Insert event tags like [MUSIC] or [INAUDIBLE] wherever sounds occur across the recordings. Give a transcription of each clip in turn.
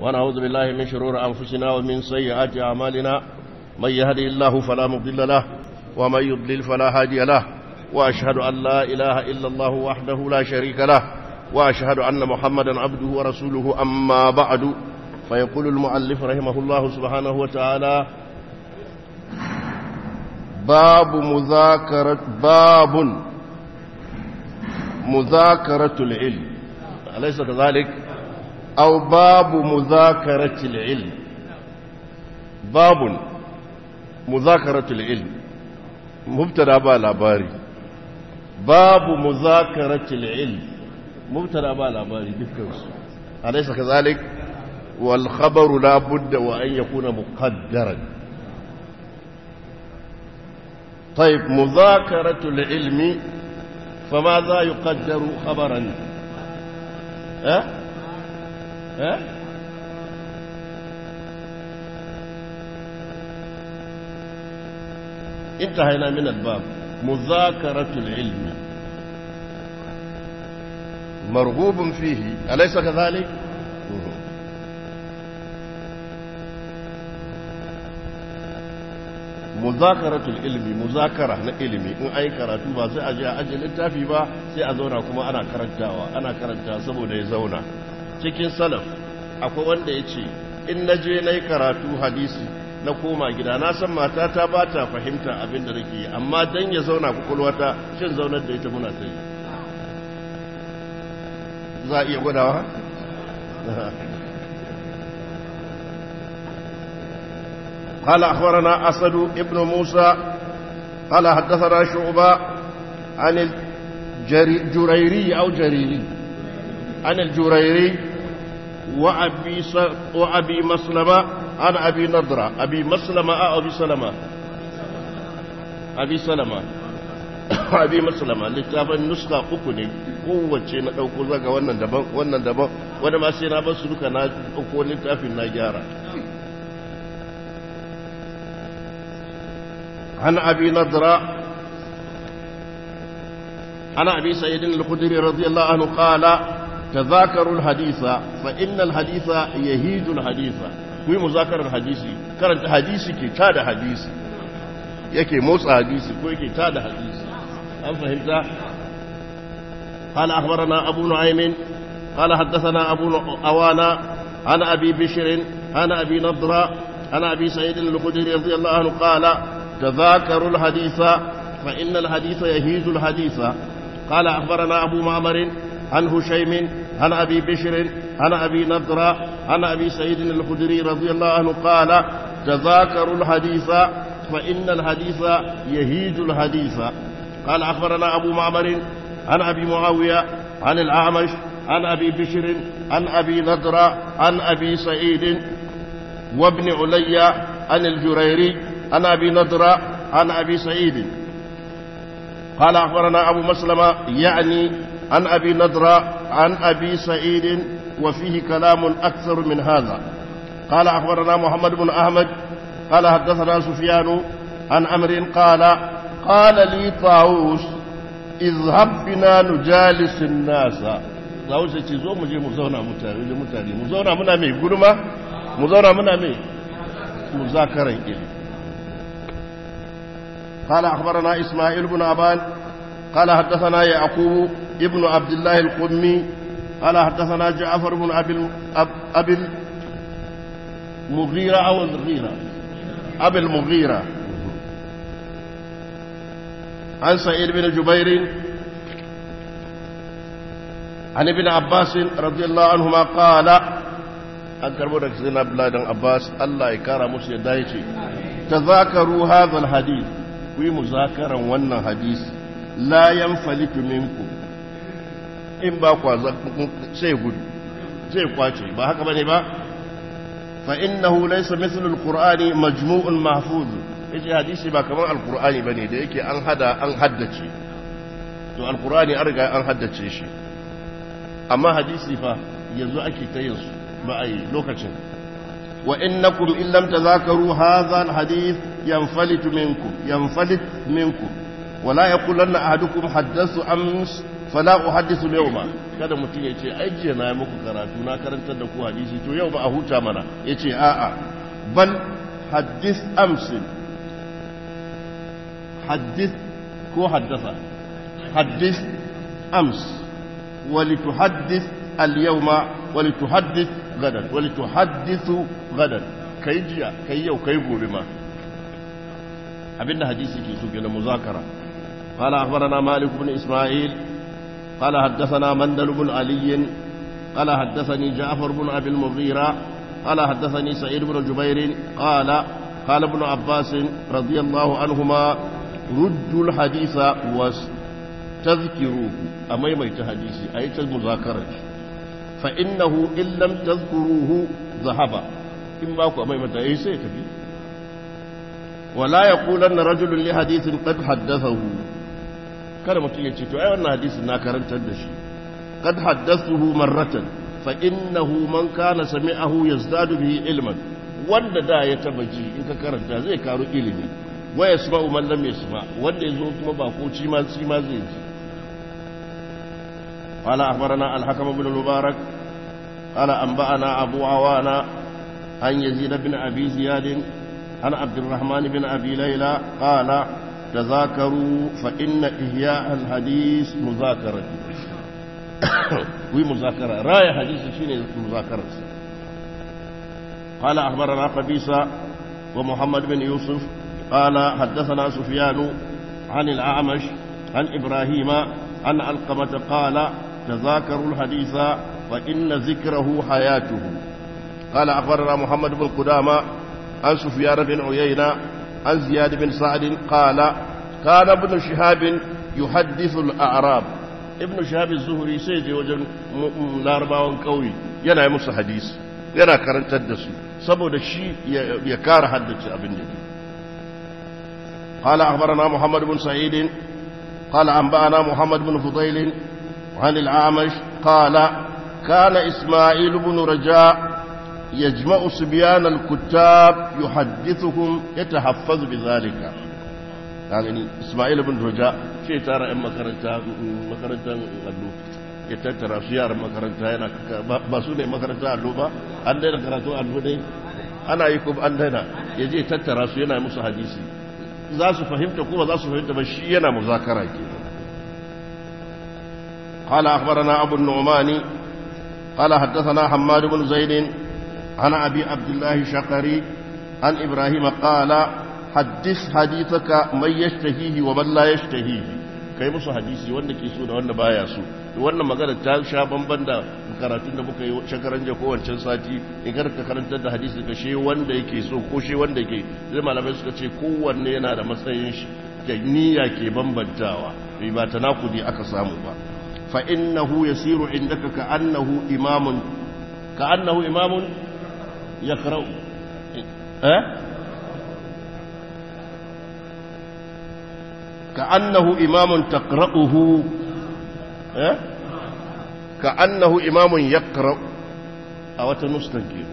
ونعوذ بالله من شرور أنفسنا ومن سيئات أعمالنا من يهدي الله فلا مضل له ومن يضلل فلا هادي له وأشهد أن لا إله إلا الله وحده لا شريك له وأشهد أن محمدا عبده ورسوله أما بعد فيقول المؤلف رحمه الله سبحانه وتعالى باب مذاكرة باب مذاكرة العلم أليس كذلك؟ أو باب مذاكرة العلم باب مذاكرة العلم مبتدا با لاباري باب مذاكرة العلم مبتدا با لاباري بكوس أليس كذلك والخبر لا بد وأن يكون مقدرا طيب مذاكرة العلم فماذا يقدر خبرا أه؟ انتهينا من الباب مذاكرة العلم مرغوب فيه أليس كذلك؟ muzakaratul ilmi muzakara na ilimi in ai karatu ba sai a je a ajiye littafi ba sai a zauna kuma ana karantawa ana karanta saboda ya zauna cikin salaf akwai wanda ya ce in na je na yi karatu hadisi na koma gida na san matata ba ta fahimta abin da nake yi amma dan ya zauna kwakwalwata shin zaunar da ita muna ta yi za a iya gwadawa [LAUGHS] قال أخبرنا أسد ابن موسى قال حدثنا شعبة عن الجريري أو جريري عن الجريري وأبي, س... وأبي مسلمة عن أبي نضرة أبي مسلمة أو أبي سلمة أبي سلمة abi maslama littafin nuska uku ne kowace na ɗauko zaga wannan daban wannan daban wani ma sai na bar su duka na gyara an abi nadra ana abi sayyidin al تذاكر الحديث فإن الحديث يهيد الحديث كوي مذاكر الحديث كرنت حديث كي تاد حديث يكي موسى حديث كوي كي تاد حديث هل فهمت قال أخبرنا أبو نعيم قال حدثنا أبو أوانا عن أبي بشر عن أبي نضرة عن أبي سعيد الخدري رضي الله عنه قال تذاكر الحديث فإن الحديث يهيد الحديث قال أخبرنا أبو معمر عن هشيم عن أبي بشر عن أبي نضرة عن أبي سعيد الخدري رضي الله عنه قال تذاكروا الحديث فإن الحديث يهيج الحديث قال أخبرنا أبو معمر عن أبي معاوية عن الأعمش عن أبي بشر عن أبي نضرة عن أبي سعيد وابن علي عن الجريري عن أبي نضرة عن أبي سعيد قال أخبرنا أبو مسلمة يعني عن أبي نضرة عن أبي سعيد وفيه كلام أكثر من هذا قال أخبرنا محمد بن أحمد قال حدثنا سفيان عن أمر قال قال لي طاووس اذهب بنا نجالس الناس طاووس يقول مجي مزونا متاري mu zauna mutane mutane mu zauna muna mai gurma mu zauna muna قال أخبرنا إسماعيل بن أبان قال حدثنا يعقوب ابن عبد الله القمي قال حدثنا جعفر بن أبي أبي المغيرة أو المغيرة أبي المغيرة عن سعيد بن جبير عن ابن عباس رضي الله عنهما قال أكرم لك زين عبد الله عباس الله يكرم سيدايتي تذاكروا هذا الحديث في مذاكرا وانا حديث لا ينفلت منكم in ba kwa sai gudu zai kwace ba haka bane ba fa innahu laysa mithlu alqur'ani majmu'un mahfuz yace hadisi ba kamar alqur'ani bane da yake an hada an haddace to alqur'ani an riga an haddace shi amma hadisi fa yanzu ake ta yin ba a yi lokacin wa innakum in lam tazakaru hadha alhadith yanfalitu minkum yanfalit minkum ولا yaqulanna ahadukum haddathu ams. فلا أحدث اليوم كذا متي يجي أجي أنا يوم كذا تونا كرنت تدكوا حديثي تو يوم أهو تامنا يجي آآ آه، آه. بل حدث أمس حدث كو حدث حدث أمس ولتحدث اليوم ولتحدث غدا ولتحدث غدا كيجيا كيو كيبو بما أبن حديثي كي تو مذاكرة قال أخبرنا مالك بن إسماعيل قال حدثنا مندل بن علي قال حدثني جعفر بن أبي المغيرة قال حدثني سعيد بن جبير قال قال ابن عباس رضي الله عنهما ردوا الحديث واستذكروه أما يميت حديثي أي مذاكرة فإنه إن لم تذكروه ذهب ان باكو أما يميت أي سيتفي ولا يقولن رجل لحديث قد حدثه kada mutum ya ce to ai wannan hadisin na karantar da shi kad haddathuhu marratan fa innahu man kana sami'ahu yazdadu bihi ilman wanda da ya taba ji in ka karanta zai karu ilimi wa yasma'u man lam yasma wanda yazo kuma ba ko ci ma ci ma zai ji قال أخبرنا الحكم بن المبارك قال أنبأنا أبو عوانا عن يزيد بن أبي زياد عن عبد الرحمن بن أبي ليلى قال تذاكروا فإن إحياء الحديث مذاكرة [COUGHS] وي مذاكرة راية حديث شيني مذاكرة قال أخبرنا قبيصة ومحمد بن يوسف قال حدثنا سفيان عن الأعمش عن إبراهيم عن علقمة قال تذاكروا الحديث فإن ذكره حياته قال أخبرنا محمد بن قدامة عن سفيان بن عيينة عن زياد بن سعد قال كان ابن شهاب يحدث الأعراب ابن شهاب الزهري سيدي وجن لاربا قوي ينا يمس حديث ينا كرن karantar da su يكار حدث ابن kara قال أخبرنا محمد بن سعيد قال أنبأنا محمد بن فضيل عن العامش قال كان إسماعيل بن رجاء يجمع صبيان الكتاب يحدثهم يتحفظ بذلك يعني اسماعيل بن رجاء في ترى ام مكرنتا مكرنتا لو يتترى سيار مكرنتا انا بسوني مكرنتا لوبا عندنا كراتو عندنا انا يكوب عندنا يجي تترى سينا موسى حديثي زاسو فهمت كوبا زاسو فهمت بشي انا مذاكره قال اخبرنا ابو النعمان قال حدثنا حماد بن زيد عن أبي عبد الله شقري عن إبراهيم قال حدث حديثك من يشتهيه ومن لا يشتهيه kai musu hadisi wanda ke so da wanda baya so wannan magana ta sha bamban da karatun da muka yi shakaran jiya ko sati in ka karantar da hadisi ka she wanda yake so ko she wanda yake zai malamai suka ce kowanne yana da matsayin shi da niyya ke bambantawa bai ba ta nakudi aka samu ba fa innahu yasiru indaka ka annahu imamun ka annahu imamun يقرأ أه؟ كأنه إمام تقرأه أه؟ كأنه إمام يقرأ أو تنستجيب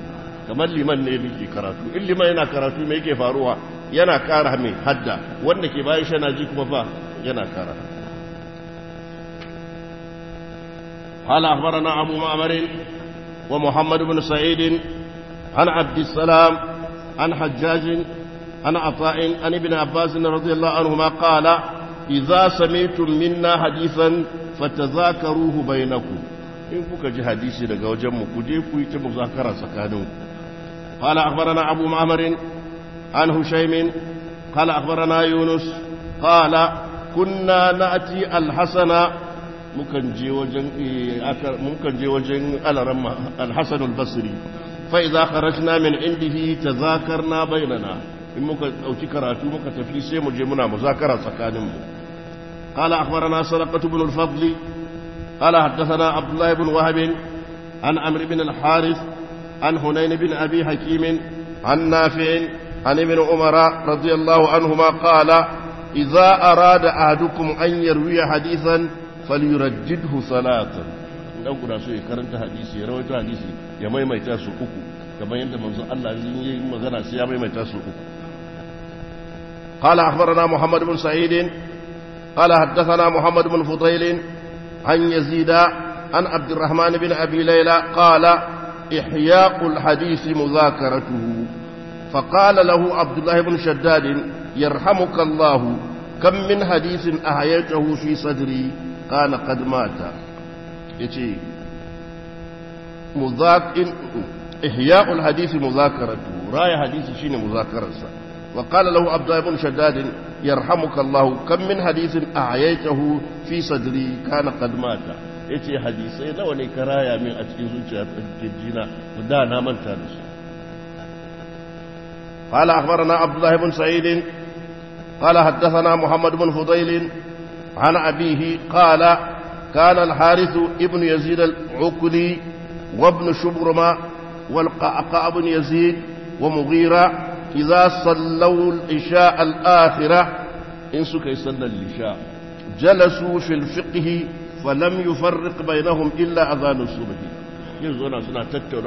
كما اللي من اللي كراتو اللي ما ينا كراتو ما يكي فاروها ينا كارها مي حدا وانك بايش أنا جيك مفا ينا كارها هل أخبرنا أبو معمر ومحمد بن سعيد عن عبد السلام عن حجاج عن عطاء عن ابن عباس رضي الله عنهما قال إذا سمعتم منا حديثا فتذاكروه بينكم إن كنت جي حديثي لك وجم كوجي مذاكرة سكانون قال أخبرنا أبو معمر عن هشيم قال أخبرنا يونس قال كنا نأتي الحسن ممكن جي وجن إيه، ممكن جي وجن الحسن البصري فإذا خرجنا من عنده تذاكرنا بيننا إمك أو تكرى تومك تفليسي مجمنا مذاكرة سكانم قال أخبرنا سرقة بن الفضل قال حدثنا عبد الله بن وهب عن عمرو بن الحارث عن هنين بن أبي حكيم عن نافع عن ابن عمر رضي الله عنهما قال إذا أراد أحدكم أن يروي حديثا فليردده ثلاثا dan guda so ya karanta hadisi ya rawaito hadisi ya maimaita su uku kamar yadda manzon Allah ya yi magana sai ya maimaita su uku قال أخبرنا محمد بن سعيد قال حدثنا محمد بن فضيل عن يزيد عن عبد الرحمن بن أبي ليلى قال إحياء الحديث مذاكرته فقال له عبد الله بن شداد يرحمك الله كم من حديث أحييته في صدري قال قد مات يتي مذاك إحياء الحديث مذاكرة راي حديث شين مذاكرة وقال له عبد الله بن شداد يرحمك الله كم من حديث أعيته في صدري كان قد مات يتي حديثي لو نيك رايا من أتكيزو جينا ودانا من تارس قال أخبرنا عبد الله بن سعيد قال حدثنا محمد بن فضيل عن أبيه قال كان الحارث ابن يزيد العقلي وابن شبرمة والقعقاع بن يزيد ومغيرة إذا صلوا العشاء الآخرة إن سكي صلى العشاء جلسوا في الفقه فلم يفرق بينهم إلا أذان الصبح يزونا سنة تتو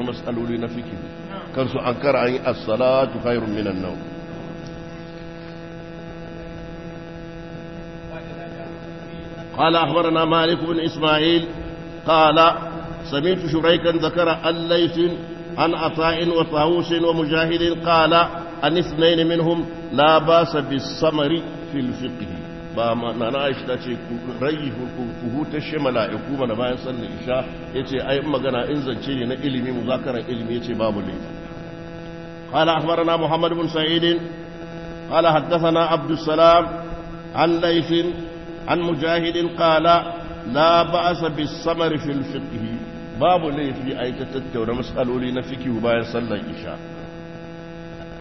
لنا فكه كان سأنكر عن الصلاة خير من النوم قال أخبرنا مالك بن إسماعيل قال سمعت شريكا ذكر الليث عن عطاء وطاووس ومجاهد قال عن اثنين منهم لا باس بالسمر في الفقه ba na aisha ta ce rayi hukuta shi mala'iku mana bayan يتي اي ya ce انزل magana in zance مذاكرة na يتي باب الليل قال أخبرنا محمد بن سعيد قال حدثنا عبد السلام عن ليث عن مجاهد قال لا بأس بالصبر في الفقه باب لي في أي تتتور مسألوا لنا فقه وباين صلى العشاء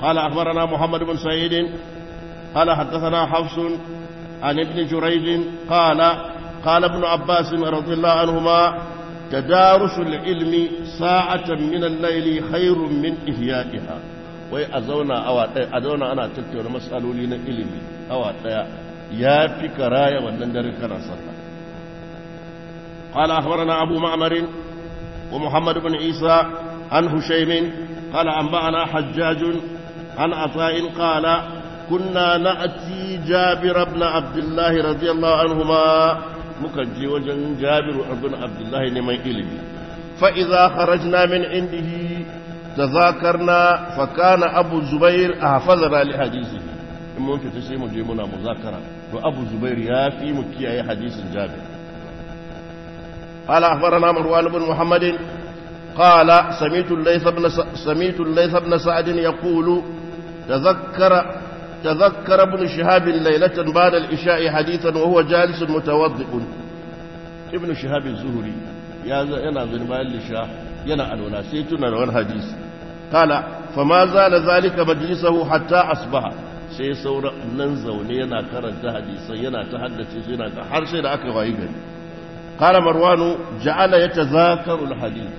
قال أخبرنا محمد بن سعيد قال حدثنا حفص عن ابن جريج قال قال ابن عباس رضي الله عنهما تدارس العلم ساعة من الليل خير من إهيائها وي أزونا أزونا أنا تتور مسألوا لنا علمي أو أتيا ya fi كرايا raya wannan dare kana sallah قال أخبرنا أبو معمر ومحمد بن عيسى عن هشيم قال أنبأنا حجاج عن عطاء قال كنا نأتي جابر بن عبد الله رضي الله عنهما مكجي وجن جابر بن عبد الله لمن إلي فإذا خرجنا من عنده تذاكرنا فكان أبو الزبير أحفظنا لحديثه ممكن تسيم جيمنا مذاكرة وابو abu zubair ya fi mu kiyaye hadisin jabir qala akhbarana marwan ibn قال سميت الليث بن سميت الليث بن سعد يقول تذكر تذكر ابن شهاب ليلة بعد العشاء حديثا وهو جالس متوضئ ابن شهاب الزهري يا انا ينا مال الشاه ينا الولا سيتنا الحديث قال فما زال ذلك مجلسه حتى أصبح sai sauran nan zaune yana karanta hadisai yana ta haddace shi yana har sai da aka wayi gari qala marwanu ja'ala yatazakaru alhadith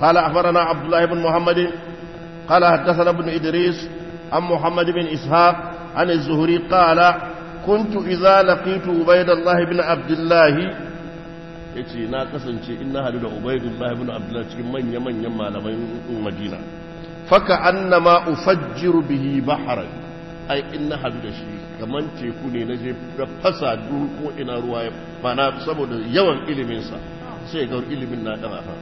qala akhbarana abdullah ibn muhammad qala hadathana ibn idris an muhammad ibn ishaq an az-zuhri qala كنت إذا لقيت عبيد الله بن عبد الله yace na kasance in na hadu da ubaidullah ibn abdullah cikin manya manyan malaman madina فكأنما أفجر به بحرا أي إن حدد شيء kaman تكوني نجيب بفسا je fasa رواية فأنا ina يوان إلي منسا سيقول إلي iliminsa sai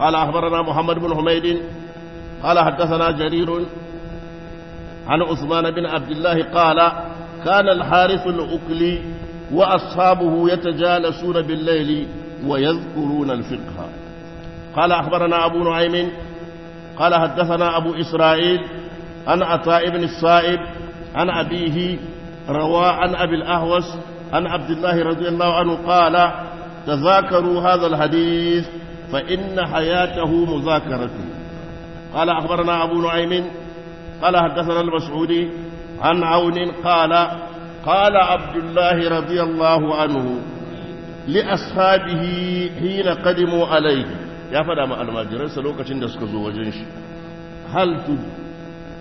قال أخبرنا محمد بن حميد قال حدثنا جرير عن عثمان بن عبد الله قال كان الحارث الأكلي وأصحابه يتجالسون بالليل ويذكرون الفقه قال أخبرنا أبو نعيم قال حدثنا أبو إسرائيل عن عطاء بن الصائب عن أبيه روى عن أبي الأهوس عن عبد الله رضي الله عنه قال تذاكروا هذا الحديث فإن حياته مذاكرة قال أخبرنا أبو نعيم قال حدثنا المسعودي عن عون قال قال عبد الله رضي الله عنه لأصحابه حين قدموا عليه يا فدا مع المجرين سلوكة دسكزو وجنش هل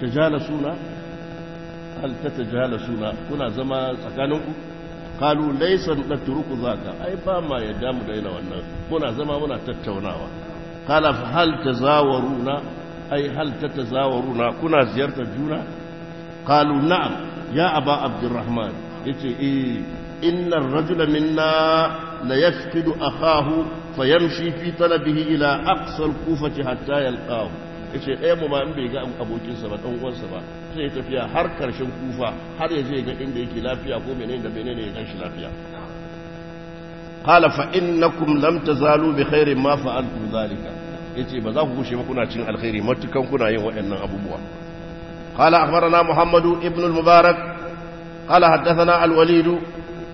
تجالسونا هل تتجالسونا كنا زمان سكانكم قالوا ليس نترك ذاك أي باما يدام دينا والناس كنا زمان ولا تتوناوا قال فهل تزاورونا أي هل تتزاورونا كنا زيارة جونا قالوا نعم ya aba abdurrahman yace e eh, innar rajula minna la yafqidu akahu fayamshi fi talabihi ila aqsa al-kufati hatta ya yace ɗaya mu ba in bai ga abokinsa ba dan uwansa ba sai ya tafiya har karshen kufa har ya je ga inda yake lafiya ko menene da ne ya shi lafiya قال فإنكم لم تزالوا بخير ما فعلتم ya yace ba za ku gushe ba kuna cin alkhairi matukan kuna yin waɗannan abubuwa قال أخبرنا محمد بن المبارك قال حدثنا الوليد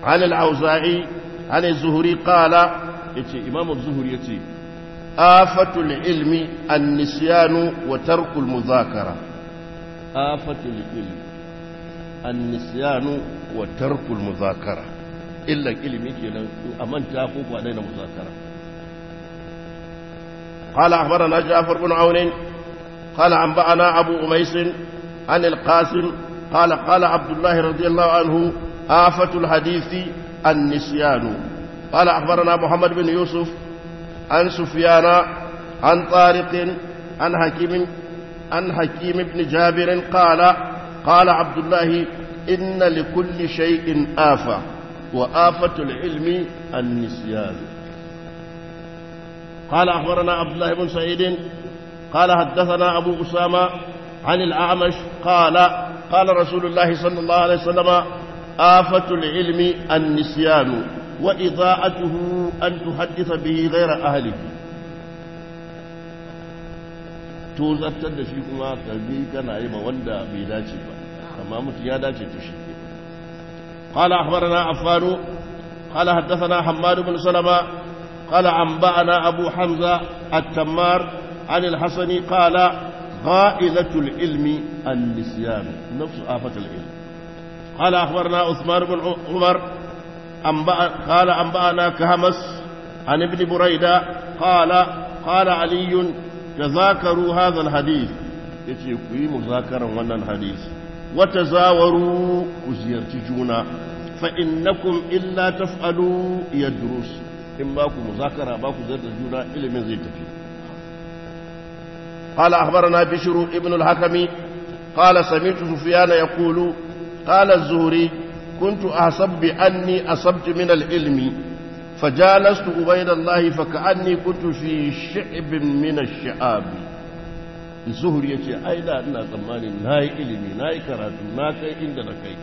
عن الأوزاعي عن الزهري قال إمام الزهري آفة العلم النسيان وترك المذاكرة آفة العلم النسيان وترك المذاكرة إلا العلم كنا أمن تافوك علينا مذاكرة قال أخبرنا جعفر بن عون قال أنبأنا أبو أميس عن القاسم قال قال عبد الله رضي الله عنه آفة الحديث النسيان قال أخبرنا محمد بن يوسف عن سفيان عن طارق عن حكيم عن حكيم بن جابر قال قال عبد الله إن لكل شيء آفة وآفة العلم النسيان قال أخبرنا عبد الله بن سعيد قال حدثنا أبو أسامة عن الأعمش قال قال رسول الله صلى الله عليه وسلم آفة العلم النسيان وإضاءته أن تحدث به غير أهله tozartar da shi kuma karbi kana yi ma wanda bai dace ba amma mutum ya dace to shi ke qala akhbarana affan qala haddathana hammad bin salama qala anba'ana abu hamza at-tammar an al-hasani qala قائلة العلم النسيان نفس آفة العلم قال أخبرنا عثمان بن عمر أنبأ قال أنبأنا كهمس عن ابن بريدة قال قال علي تذاكروا هذا الحديث يتي مذاكرا وانا الحديث وتزاوروا كزيرتجونا فإنكم إلا تفعلوا يدرس إما كم مذاكرة باكو زيرتجونا إلي من زي قال أخبرنا بشر ابن الحكم قال سمعت سفيان يقول قال الزهري كنت أحسب بأني أصبت من العلم فجالست عبيد الله فكأني كنت في شعب من الشعاب الزهري يقول أي لا أنا زماني ناي إلمي ناي كراتي ما كي عندنا كي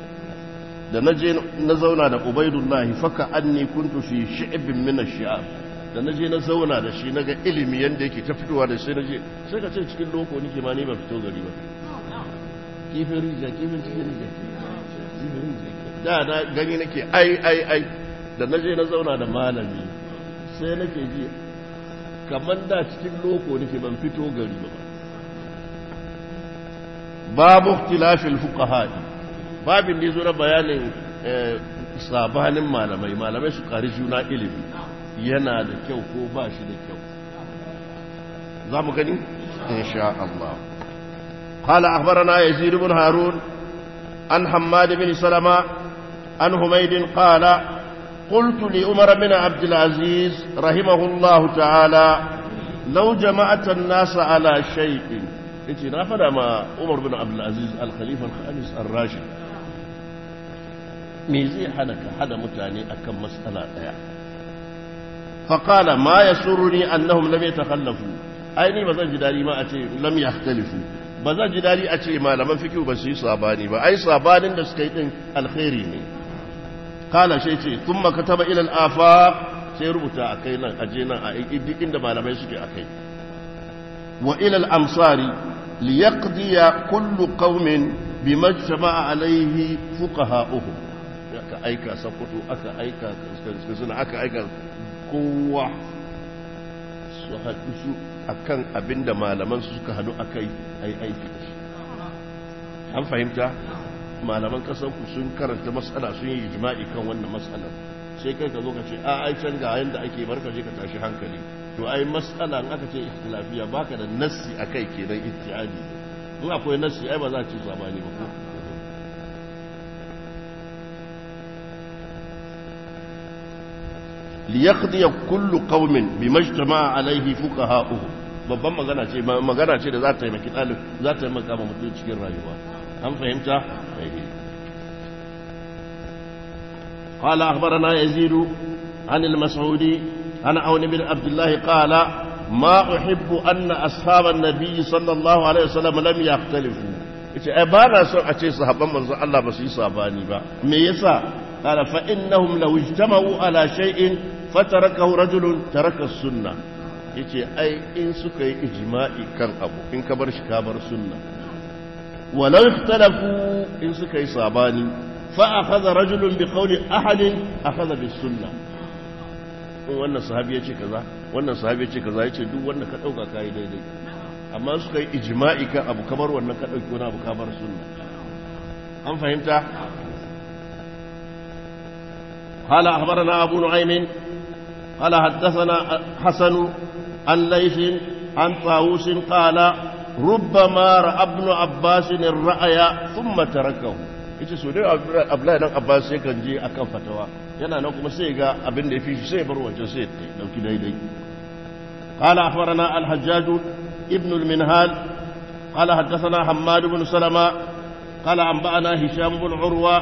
na je الله فكأني كنت في شعب من الشعاب da na je na zauna da shi na ga ilimi yadda yake ta fitowa da shi na je sai ka ce cikin loko nike ma ni ban fito gari ba kifin rijiya kifin cikin rijiya kifin da na gani nake ai ai ai da na je na zauna da malami sai nake ji kamar da cikin loko nike ban fito gari ba babu ikhtilafil fuqaha babin da zo na bayanin eh, sabanin malamai malamai su ƙari juna ilimi yana da kyau ko ba shi da kyau za mu gani insha Allah قال أخبرنا يزيد بن هارون عن حماد بن سلمة عن حميد قال قلت لأمر بن عبد العزيز رحمه الله تعالى لو جمعت الناس على شيء إنتي نافر ما عمر بن عبد العزيز الخليفة الخامس الراشد ميزي حنك حدا متاني أكم مسألة يعني فقال ما يسرني انهم لم يتخلفوا اي ني بزن جداري ما اتي لم يختلفوا بزن جداري اتي ما لم فيكو بس صاباني با اي صابانين ده سكاي دين الخيري ني قال شيء ثم كتب الى الافاق سي ربطا اكاي نان اي دي ان ده مالمي سكي اكاي والى الامصار ليقضي كل قوم بما اجتمع عليه فقهاؤهم aika sakutu aka aika suna aka aika kowa su haɗu su kan abin da malaman su suka haɗu a kai a yi aiki da shi an fahimta malaman ƙasarku sun karanta matsala sun yi jima'i kan wannan matsalar sai kai ka zo ka ce a can ga yadda ake barka ka tashi hankali to a yi matsala in aka ce ikhtilafiya baka da nassi akai kenan ittihadi in akwai nassi ai ba za a ci zamani ba ko ليقضي كل قوم بما اجتمع عليه فقهاؤهم babban magana ce magana ce da za ta taimaki ɗalib za ta taimaka ma mutum cikin rayuwa an fahimta قال أخبرنا يزيد عن المسعودي عن عون بن عبد الله قال ما أحب أن أصحاب النبي صلى الله عليه وسلم لم يختلفوا إيه أبانا سوء أشي صحابا من الله بس يصاباني با ميسا قال فإنهم لو اجتمعوا على شيء فتركه رجل ترك السنة يجي أي إن سكي إجماعي كان أبو إن كبر شكابر سنة ولو اختلفوا إن سكي صاباني فأخذ رجل بقول أحد أخذ بالسنة وأن صحابي يجي كذا وأن صحابي يجي كذا يجي دو وأن كتوقع كاي دي دي أما سكي إجماعي كان أبو كبر وأن كتوقع أبو كبر سنة أم فهمتا؟ قال أخبرنا أبو نعيم قال حدثنا حسن عن ليث عن طاووس قال ربما راى ابن عباس الرايا ثم تركه yace so dai abdullahi dan abbas sai kan je akan fatawa yana nan kuma sai ga abin da ya fi shi sai bar wajen sai ya dauki dai qala akhbarana al-hajjaj ibn al-minhal qala haddathana hammad ibn salama qala anba'ana hisham ibn urwa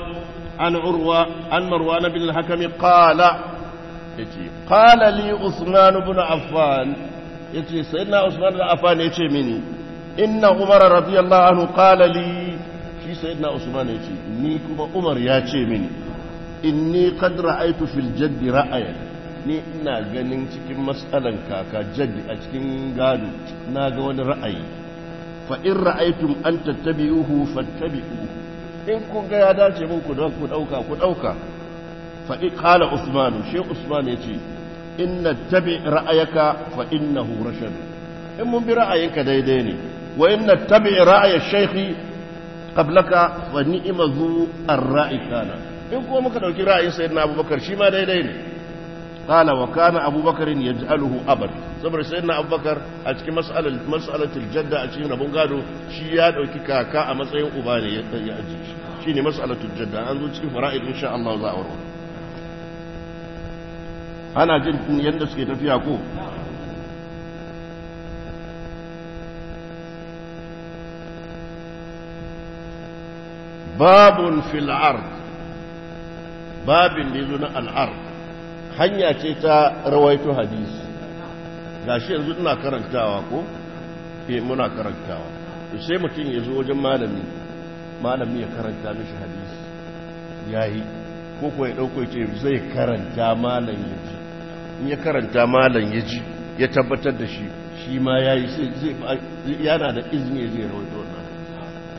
an urwa an marwan bin al-hakam qala yace qala li usman ibn affan yace sayyidina usman ibn affan yace mini inna umar radiyallahu anhu qala li shi sayyidina usman yace ni kuma umar yace mini inni qad ra'aytu fil jadd ra'aya ni ina ganin cikin matsalan kaka jaddi a cikin gado na ga wani ra'ayi fa in ra'aytum an tattabi'uhu fattabi'u in kun ga ya dace mun ku dauka ku dauka فقال عثمان شيء عثمان يجي إن نتبع رأيك فإنه رشد إن برأيك ديديني وإن نتبع رأي الشيخ قبلك ونئم ذو الرأي كان إن كو مكان رأي سيدنا أبو بكر شما ديديني قال وكان أبو بكر يجعله أبد صبر سيدنا أبو بكر أتكي مسألة مسألة الجدة أتكي نبون قالوا شياد وكي كاكا أمسأي أباني يأجيش شيني مسألة الجدة أنزو تكي فرائد إن شاء الله ذا ana jin yadda suke tafiya ko babun fil ard babin da yazo na al'ar hanya ce ta rawaito hadisi gashi yanzu ina karantawa ko eh muna karantawa to sai mutum ya zo wajen malami malami ya karanta mishi hadisi yayi ko ko ya dauko ce zai karanta malami. ya in ya karanta malam ya ji ya tabbatar da shi shi ma ya yi yana da izini ya zai rawaito wannan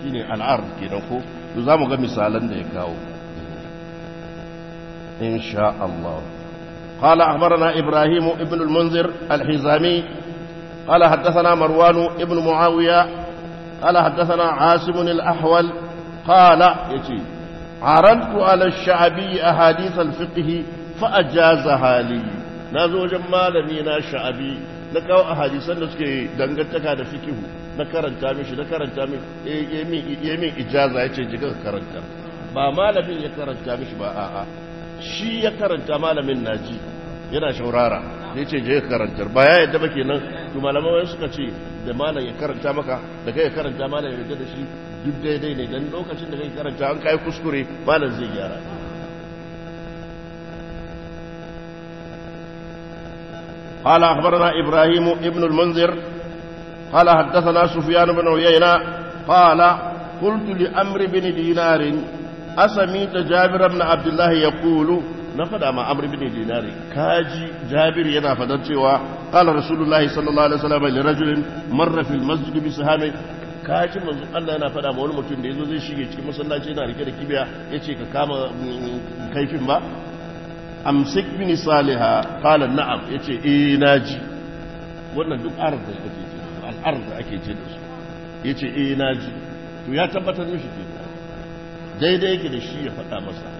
shi ne al'ar ke da ko to za mu ga misalan da ya kawo in sha Allah قال أخبرنا إبراهيم ابن المنذر الحزامي قال حدثنا مروان ابن معاوية قال حدثنا عاصم الأحول قال يتي عرضت على الشعبي أحاديث الفقه فأجازها لي na zo wajen malami na sha'abi na kawo a hadisan da suke dangantaka da fikihu na karanta mishi na karanta mishi eh, eh, ya eh, min ijaza ya ce jiga karanta ba malamin ya karanta mishi ba a'a shi ya karanta malamin na ji yana shaurara ya ce je karantar ba ya yadda ba kenan to malamai wani suka ce da malam ya karanta maka da kai ya karanta malam ya yadda da shi duk daidai ne dan lokacin da kai karanta an kai kuskure malam zai gyara قال أخبرنا إبراهيم ابن المنذر قال حدثنا سفيان بن عيينة قال قلت لأمر بن دينار أسميت جابر بن عبد الله يقول نفد مع أمر بن دينار كاجي جابر ينا فدتوا قال رسول الله صلى الله عليه وسلم لرجل مر في المسجد بسهام kaji manzo Allah yana faɗa ma wani mutum da yazo zai shige cikin masallaci yana rike da kibiya yace ka kama kaifin ba amsik bin saliha qala na'am yace eh naji wannan duk arz da ake ce al'arz da ake ce da su yace eh naji to ya tabbatar mishi ke daidai yake da shi ya faɗa masa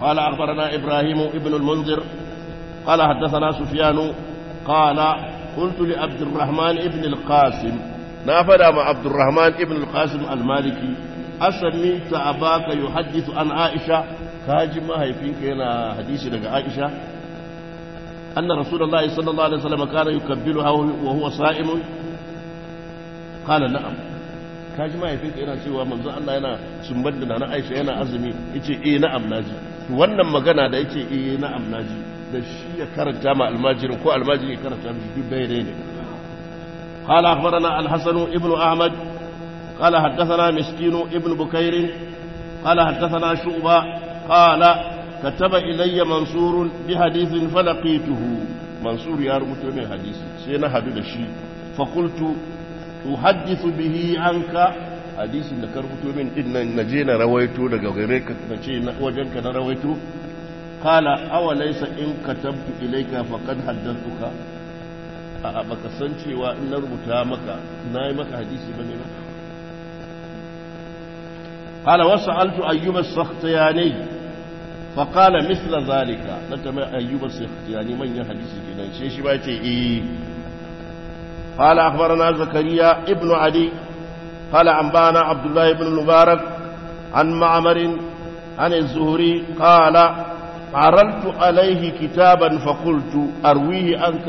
قال أخبرنا إبراهيم ابن المنذر قال حدثنا سفيان قال قلت لعبد الرحمن ابن القاسم نافد مع عبد الرحمن ابن القاسم المالكي أسميت أباك يحدث عن عائشة kaji mahaifinka yana hadisi daga aisha anna rasulullahi sallallahu alaihi wasallam kana yukabbilu wa huwa sa'im qala na'am kaji mahaifinka yana cewa manzo Allah yana sumbar da nana aisha yana azumi yace eh na'am naji to wannan magana da yace eh na'am naji da shi ya karanta ma almajirin ko almajirin ya karanta mishi duk daidai ne قال أخبرنا الحسن ابن أحمد قال حدثنا مسكين ابن بكير قال حدثنا شعبة قال كتب إلي منصور بحديث فلقيته منصور يا رمتوني حديث سينا حدود الشيء فقلت أحدث به عنك حديث لك رمتوني إن نجينا رويته لغيرك نجينا وجنك نرويته قال أوليس إن كتبت إليك فقد حدثتك a'a baka san cewa in na rubuta maka na yi maka hadisi bane ba qala wasa'altu ayyuba as-sakhtiyani فقال مثل ذلك نتما أيوب السختياني من يحديث كنا شيش باتي إيه قال أخبرنا زكريا ابن علي قال أنبانا عبد الله بن المبارك عن معمر عن الزهري قال عرلت عليه كتابا فقلت أرويه أنك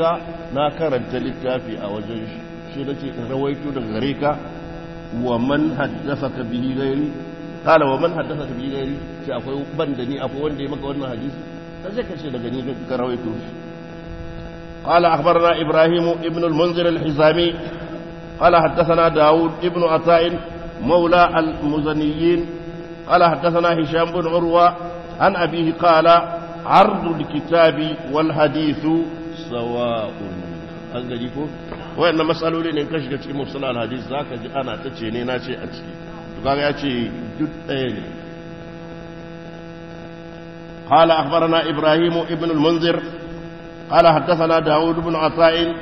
ما karanta littafi a wajen shi رويت ce ومن حدثك به غيري قال ومن حدثك bi غيري ce اكو بندني اكو ni akwai wanda حديث فزي wannan hadisi dan sai قال أخبرنا إبراهيم ابن المنذر الحزامي قال حدثنا داود ابن عطاء مولى المزنيين قال حدثنا هشام بن عروة عن أبيه قال عرض الكتاب والحديث سواء أنجليكم وإن مسألة إن كشكت في مصطلح الحديث ذاك أنا تتشيني ناشي أتشيني kaga ya ce duk ɗaya ne قال أخبرنا إبراهيم ابن المنذر قال حدثنا داود بن عطاء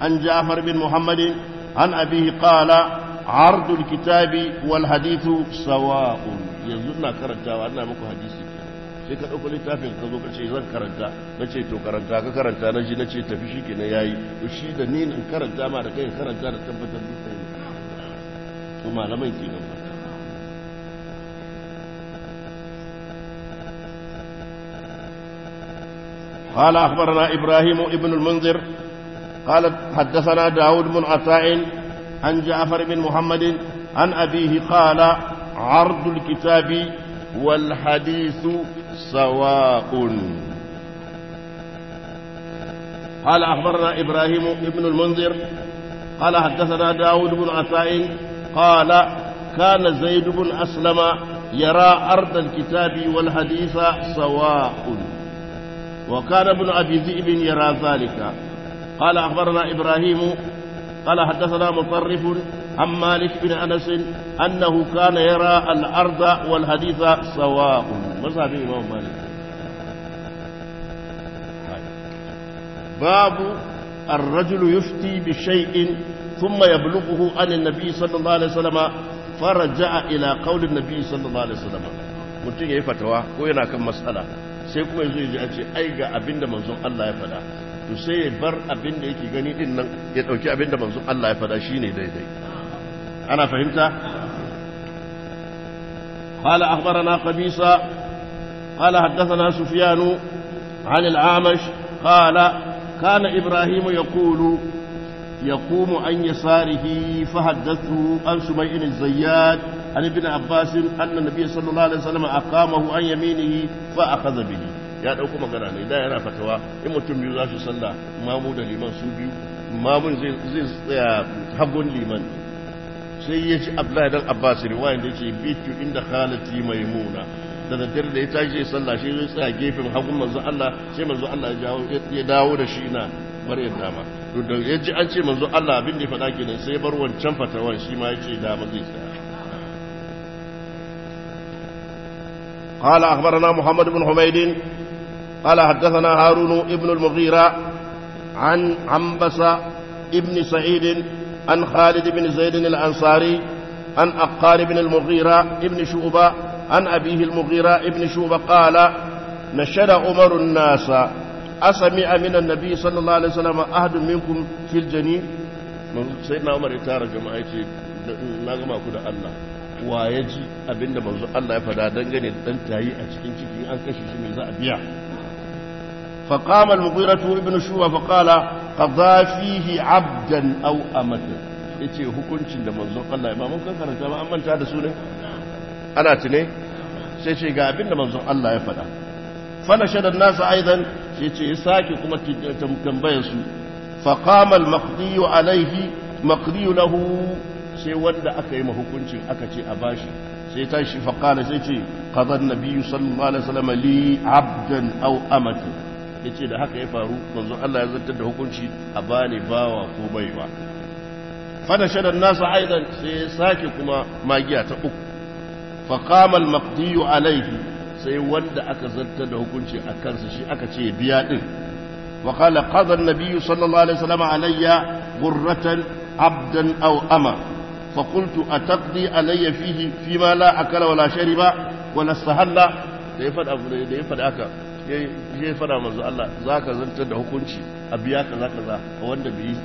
عن جعفر بن محمد عن أبيه قال عرض الكتاب والحديث سواء يزلنا كرنتا وأنا مكو حديث sai ka ɗauko littafin ka zo zan karanta na ce to karanta ka karanta na ji na ce tafi shi ke na yayi to shi da ni karanta ma da kai karanta da tabbatar kenan قال أخبرنا إبراهيم ابن المنذر قال حدثنا داود بن عطاء عن جعفر بن محمد عن أبيه قال عرض الكتاب والحديث سواء قال أخبرنا إبراهيم ابن المنذر قال حدثنا داود بن عطاء قال كان زيد بن أسلم يرى أرض الكتاب والحديث سواء وكان ابن أبي ذئب يرى ذلك قال أخبرنا إبراهيم قال حدثنا مطرف عن مالك بن أنس أنه كان يرى الأرض والحديث سواء مالك باب الرجل يفتي بشيء ثم يبلغه عن النبي صلى الله عليه وسلم فرجع إلى قول النبي صلى الله عليه وسلم متى يفتوى yi fatawa ko sai kuma yanzu ya ce ai ga abin da manzon Allah ya faɗa to sai ya bar abin da yake gani din nan ya ɗauki abin da manzon Allah ya faɗa shine daidai ana fahimta قال أخبرنا قبيصة قال حدثنا سفيان عن العامش قال كان إبراهيم يقول يقوم عن يساره فحدثه عن سميء الزياد عن ابن عباس أن النبي صلى الله عليه وسلم أقامه عن يمينه فأخذ به ya ɗauko magana ne da yana fatawa in mutum biyu za su sallah mamu da liman su biyu mamun zai tsaya hagun liman sai ya ci abdullahi dan abbas riwayan da yake bitu inda khalati maimuna da daddare da ya tashi sallah shi zai tsaya gefen hagun manzo Allah sai manzo Allah ya dawo da shi na maryam dama to da ya ji an ce manzo Allah abin da ya faɗa kenan sai bar wancan fatawan shi ma yake dama zai tsaya قال أخبرنا محمد بن حميد قال حدثنا هارون ابن المغيرة عن عنبس ابن سعيد عن خالد بن زيد الأنصاري عن أقار بن المغيرة ابن شعبة عن أبيه المغيرة ابن شعبة قال نشد عمر الناس أسمع من النبي صلى الله عليه وسلم أحد منكم في الجنين سيدنا عمر يتارى جماعتي نغمى كده الله wa ya ji abinda manzo Allah ya fada dangane gane dan tayi a cikin ciki an kashe shi me za a biya فقام المغيرة ابن شوى فقال قضى فيه عبدا أو أمة yace hukuncin da manzo Allah ya mamun kan karanta ba an manta da su ne ana tune sai ce ga abinda manzo Allah ya faɗa fana an nasu aidan sai ce ya saki kuma tambayar su faqama al-maqdi alayhi maqdi lahu sai wanda aka yi hukuncin aka ce a bashi sai ta shi faƙala sai ce na biyu sallallahu alaihi wasallam li abdan au amatu yace da haka ya faru manzon Allah ya zartar da hukunci a bani bawa ko baiwa fada shaɗar nasa aidan sai sake kuma magiya ta uku faƙamal al alaihi sai wanda aka zartar da hukunci a kansa shi aka ce biya ɗin وقال قضى النبي صلى الله عليه وسلم علي غرة عبدا أو أما فقلت أتقضي علي فيه فيما لا أكل ولا شرب ولا استهل ديفد أبو ديفد أكا ديفد أبو زا الله زاك زنت دهكونشي أبياك زاك زا وند بي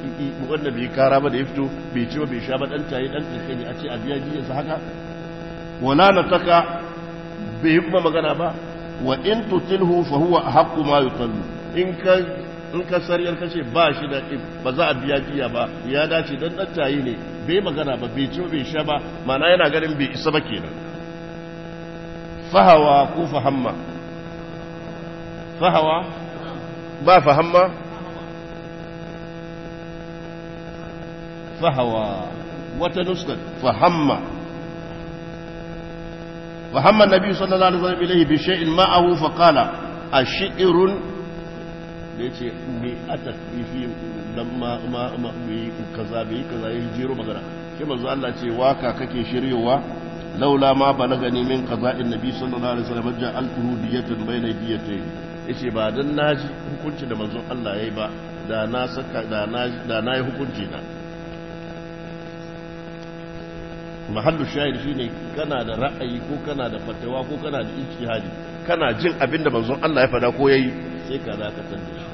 وند بي كارب ديفتو بيشوا بيشابة أنت أيد أنت كني أتي أبيا جي زاك ولا نتكا بهم ما جنابا وإن تطله فهو أحق ما يطل إنك إنك سريع كشي باشي ده بزاد بياجي يا با يا ده شيء ده تايني bai magana ba bai ci bai sha ba mana yana ganin bai isa ba kenan fahawa ko fahamma fahawa ba fahamma fahawa wata nuskar fahamma fahamma nabi sallallahu alaihi wa sallam bi shay'in ma'ahu fa qala ashi'run da ya ce mai ata fi dan ma ma kaza bi kaza ya jiro magana sai manzo Allah ce waka kake shiryowa laula ma balagani min in nabi sallallahu alaihi wasallam ja'altuhu diyatan bayna diyatayn yace ba dan naji hukunci da manzon Allah yayi ba da na saka da na da na yi hukunci na mahallu shahid shine kana da ra'ayi ko kana da fatawa ko kana da ijtihadi kana jin abin da manzon Allah ya fada ko yayi sai ka zakatar da shi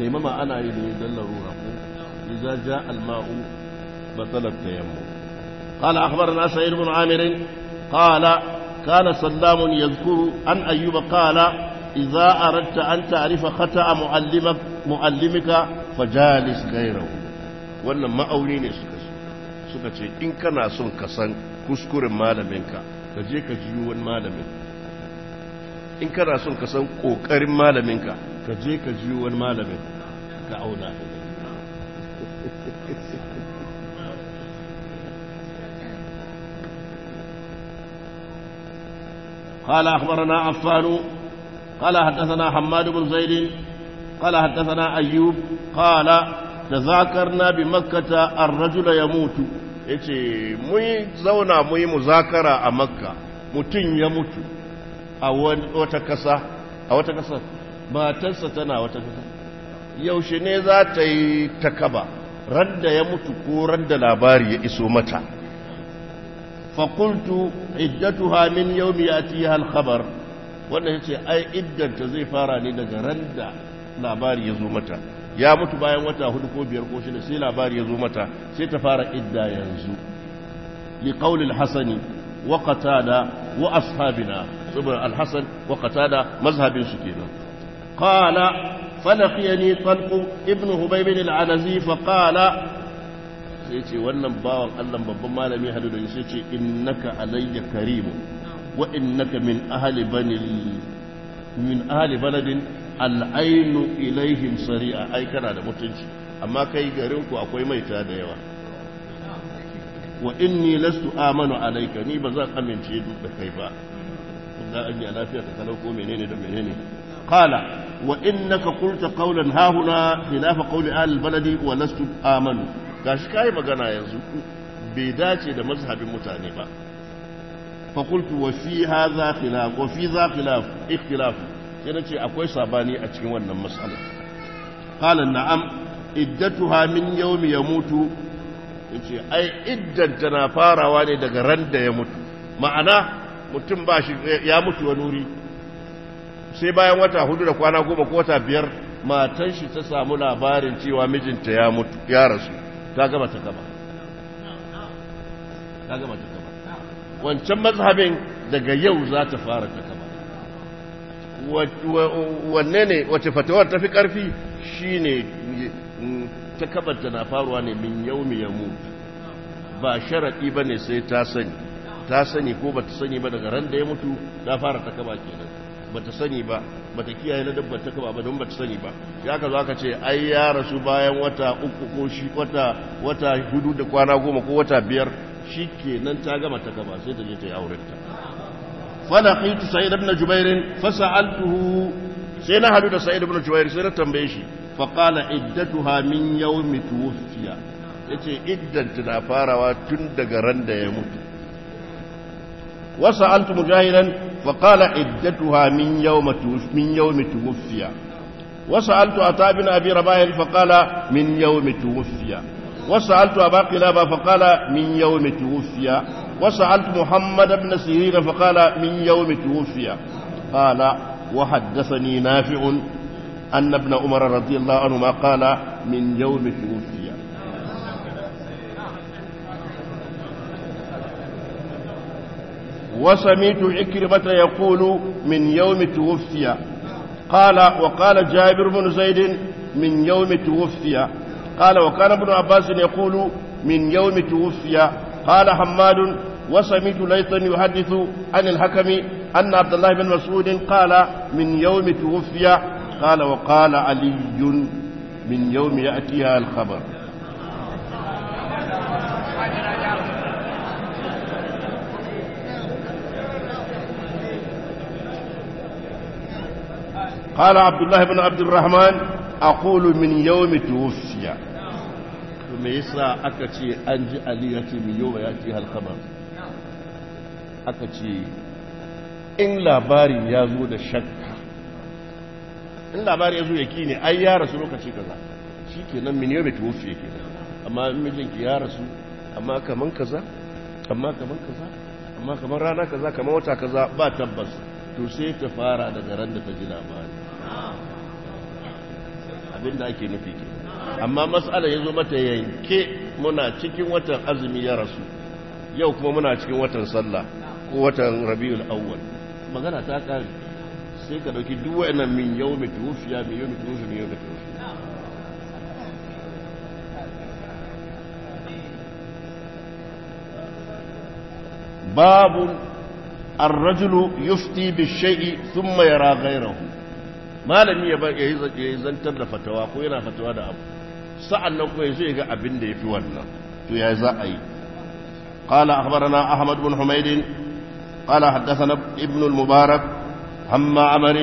تيمما أنا إلي دل روحه إذا جاء الماء بطل التيمم قال أخبرنا سعيد بن عامر قال كان سلام يذكر أن أيوب قال إذا أردت أن تعرف خطأ معلمك معلمك فجالس غيره ولا ما أولين سكس سكس إن كان أصلا كسان كسكور مال منك تجيك جيوان مال منك إن كان أصلا كسان كوكر مال منك ka je ka ji wani malamin ka auna قال أخبرنا عفان قال حدثنا حماد بن زيد قال حدثنا أيوب قال تذاكرنا بمكة الرجل يموت yace مي زونا مي مذاكرة مكة makka يموت أو mutu أو wata matarsa tana wata kaka yaushe ne za ta yi takaba randa ya mutu ko randa labari ya iso mata fakultu iddatuha min ya ci al halkabar wanda ce ai iddanta zai fara ne daga randa labari ya zo mata ya mutu bayan wata hudu ko biyar ko shida sai labari ya zo mata sai ta fara idda yanzu li qawli al-hasani wa wa ashabina saboda Alhassan wa mazhabin su kenan قال فلقيني طلق ابن هبيب العنزي فقال سيتي ونن باو الله بابا ما لم يحدد سيتي انك علي كريم وانك من اهل بني من اهل بلد العين اليهم سريعه اي كان هذا متنشي اما كي غيرك اكوي ميتا دايوا واني لست امن عليك ني بزاق امنشي دكاي با za a biya lafiya ka kalau menene da menene Kala. wa innaka qulta qawlan hahuna khilafa qawli ahli albaladi wa lastu amanu gashi kai magana yanzu bai dace da mazhabin mutane ba fa qultu wa fi hadha khilaf wa fi za khilaf ikhtilaf sai nace akwai sabani a cikin wannan mas'ala qala na'am iddatuha min yawmi yamutu yace ai iddar tana farawa ne daga ran da ya mutu ma'ana mutum ba shi eh, ya mutu wa nuri sai bayan wata hudu da kwana goma ko wata biyar matan shi ta samu labarin cewa mijinta ya mutu ya rasu ta gama ta gama ta gama ta gama wancan mazhabin daga yau za ta fara ta gama wanne ne wace fatawar fi karfi ne mm, ta ta na faruwa ne min yau mu ba sharaɗi ba ne sai ta sani ta sani ko bata sani ba daga ran da ya mutu ta fara takaba kenan bata sani ba bata kiyaye na dabbar kaba ba don bata sani ba ya ka zo aka ce ai ya rasu bayan wata uku ko shi wata wata hudu da kwana goma ko wata biyar shi kenan ta gama ta kaba sai ta je ta yi aurenta falaqitu sa'id ibn jubair fasa'altuhu sai na hadu da sa'id ibn jubair sai na tambaye shi fa qala iddatuha min yawmi tuwfiya yace iddanta na farawa tun daga ran da ya mutu وسألت مجاهدا فقال عدتها من يوم من يوم توفي وسألت أتى بن أبي رباه فقال من يوم توفي وسألت أبا قلابة فقال من يوم توفي وسألت محمد بن سيرين فقال من يوم توفي قال وحدثني نافع أن ابن عمر رضي الله عنهما قال من يوم توفي وسميت عكرمة يقول من يوم توفي قال وقال جابر بن زيد من يوم توفي قال وكان ابن عباس يقول من يوم توفي قال حماد وسميت ليثا يحدث عن الحكم أن عبد الله بن مسعود قال من يوم توفي قال وقال علي من يوم يأتيها الخبر قال عبد الله بن عبد الرحمن أقول من يوم توفي ثم يسا أكتي أنج أليتي من يوم يأتيها الخبر أكتي إن لاباري يزود الشك in labari ya zo ya ki ne ai ya rasu lokaci kaza shi ke nan min yomi tuwofi ya ke amma mijinki ya rasu amma kaman kaza amma kaman kaza amma kaman rana kaza kaman wata kaza ba tabbas to sai ta fara daga ran da ta ji labari da ake nufi ke amma matsala ya zo mata yanke muna cikin watan azumi ya rasu yau kuma muna cikin watan sallah ko watan rabiul awwal magana ta kare sai ka dauki duk wayannan min mai tuwfiya mai yawmi mai min yawmi tuwfiya باب الرجل يفتي بالشيء ثم يرى غيره malami ya yi zantar da fatawa ko yana fatawa da abu sa'an nan kuma ya ga abin da yafi wannan to ya za a yi قال أخبرنا أحمد بن حميد قال حدثنا ابن المبارك عن عمر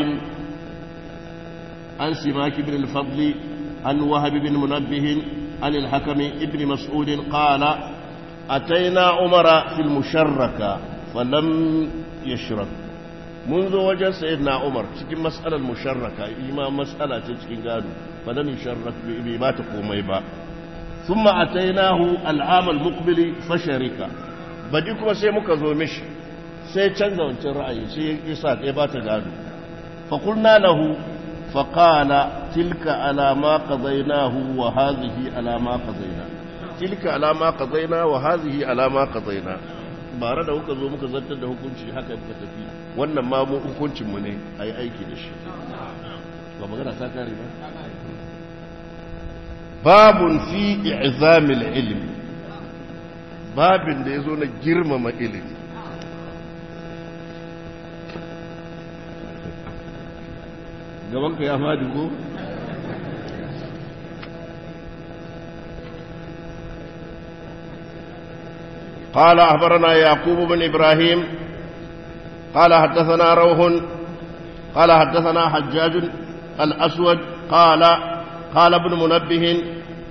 عن سماك بن الفضل عن وهب بن منبه عن الحكم ابن مسعود قال أتينا عمر في المشركة فلم يشرك منذ وجد سيدنا عمر في مسألة المشركة إما مسألة تتكين قالوا فلم يشرك بإبات قوميبا ثم أتيناه العام المقبل فشركة بديكم سيمك ذو مش سيتشنغ وانت سي سيساك إبات قالوا فقلنا له فقال تلك على ما قضيناه وهذه على ما قضيناه تلك على ما قضيناه وهذه على ما قضيناه بارده كذو مكذبت ده كنشي حكا بكتفين wannan ma mu hukuncinmu ne a yi aiki da shi ba magana ta kare ba babun fi i'zamil ilmi babin da ya zo na girmama ilimi ka ya fadi ko قال أخبرنا يعقوب بن إبراهيم قال حدثنا روح قال حدثنا حجاج الأسود قال قال ابن منبه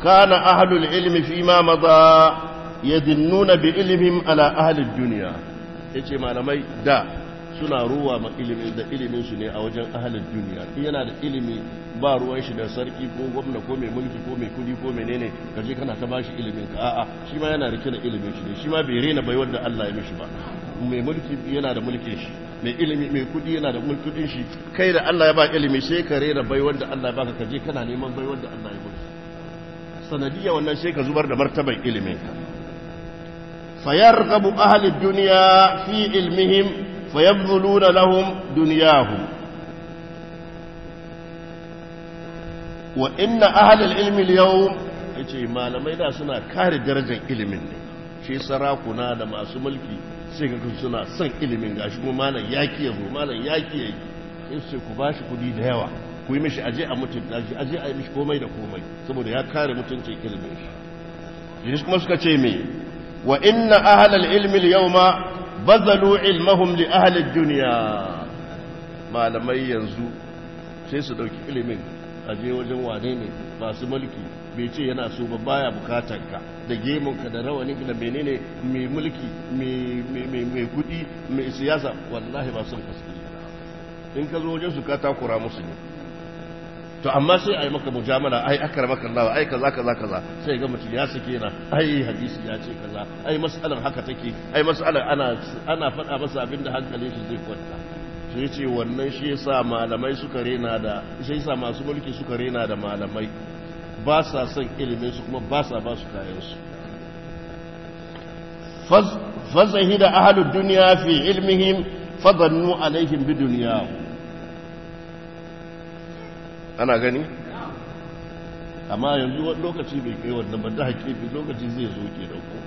كان أهل العلم فيما مضى يدنون بعلمهم على أهل الدنيا yace malamai da suna ruwa ma ilimi da ilimin su ne a wajen ahalin duniya in yana da ilimi ba ruwan shi da sarki ko gwamna ko mai mulki ko mai kudi ko menene kaje kana ta bashi ilimin ka a'a shi ma yana rike da ilimin shi ne shi bai rena bai wanda Allah ya mishi ba mai mulki yana da mulkin shi mai ilimi mai kudi yana da mulkin shi kai da Allah ya ba ilimi sai ka rera bai wanda Allah ya baka kaje kana neman bai wanda Allah ya baka sanadiyya wannan sai ka zubar da martaban ilimin ka fayarghabu ahli dunya fi ilmihim fayabdhuluna lahum dunyahum wa inna ahli alilmi alyawm yawm yace malamai da suna kare darajar ilimin ne shi sarakuna da masu mulki sai ga suna son ilimin gashi kuma malam yaki ya zo malam yaki ya yi in sai ku bashi kuɗi da yawa ku yi mishi aje a mutunta shi aje a yi mishi komai da komai saboda ya kare mutuncin ilimin shi shi kuma suka ce me wa inna ahlal ilmi al-yawma bazalu ilmahum li ahli duniya? malamai yanzu sai su dauki ilimin aje wajen wane ne masu mulki bai ce yana so ba baya bukatar ka da gemunka da rawaninka da menene mai mulki mai kudi mai siyasa wallahi ba son ba. in ka zo wajen su ka takura musu ne to amma sai a yi maka mujamala ai akar maka lawa ai kaza kaza kaza sai ga mutum ya sake na ai hadisi ya ce kaza ai mas'alar haka take ai mas'alar ana ana faɗa masa abin da hankalin shi zai kwanta to ce wannan shi yasa malamai suka rena da shi yasa masu mulki suka rena da malamai ba sa son ilimin su kuma ba sa ba su kayan su fasahida ahlud dunya fi ilmihim fadannu alaihim bidunya ana gani amma yanzu wani lokaci bai kai wannan ba da hakifi lokaci zai zo ke dauko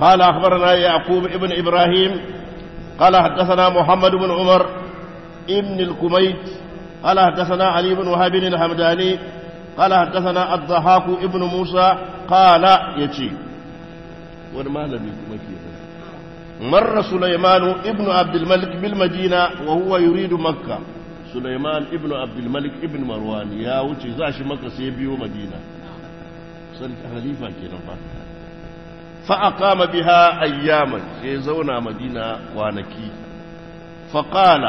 قال أخبرنا يعقوب ابن إبراهيم قال حدثنا محمد بن عمر ابن الكميت قال حدثنا علي بن وهاب الحمداني قال حدثنا الضحاك ابن موسى قال يجي ورما لبي مر سليمان ابن عبد الملك بالمدينة وهو يريد مكة سليمان ابن عبد الملك ابن مروان يا وجه زاش مكة سيبيو مدينة صرت خليفة كده فأقام بها أياما سيزونا مدينة وانكي فقال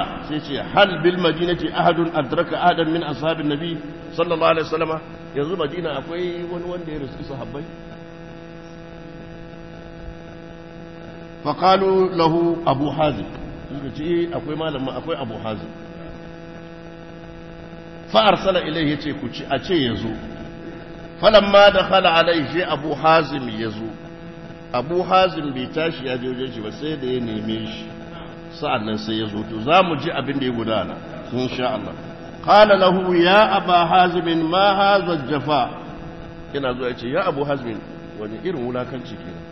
هل بالمدينة أحد أدرك أحدا من أصحاب النبي صلى الله عليه وسلم يزو مدينة أفوي ون ون صحابي فقالوا له أبو حازم أفوي إيه، ما لما أفوي أبو حازم فأرسل إليه يتيكوشي أتي يزو فلما دخل عليه أبو حازم يزو أبو حازم بيتاشي يجي وجيشي وسيدي نيميشي sa'an nan sai ya zo to za mu ji abin da ya gudana insha Allah na hu ya abu hazmin ma hadha jafa ina zo ya ce ya abu hazmin wani irin wulakanci kenan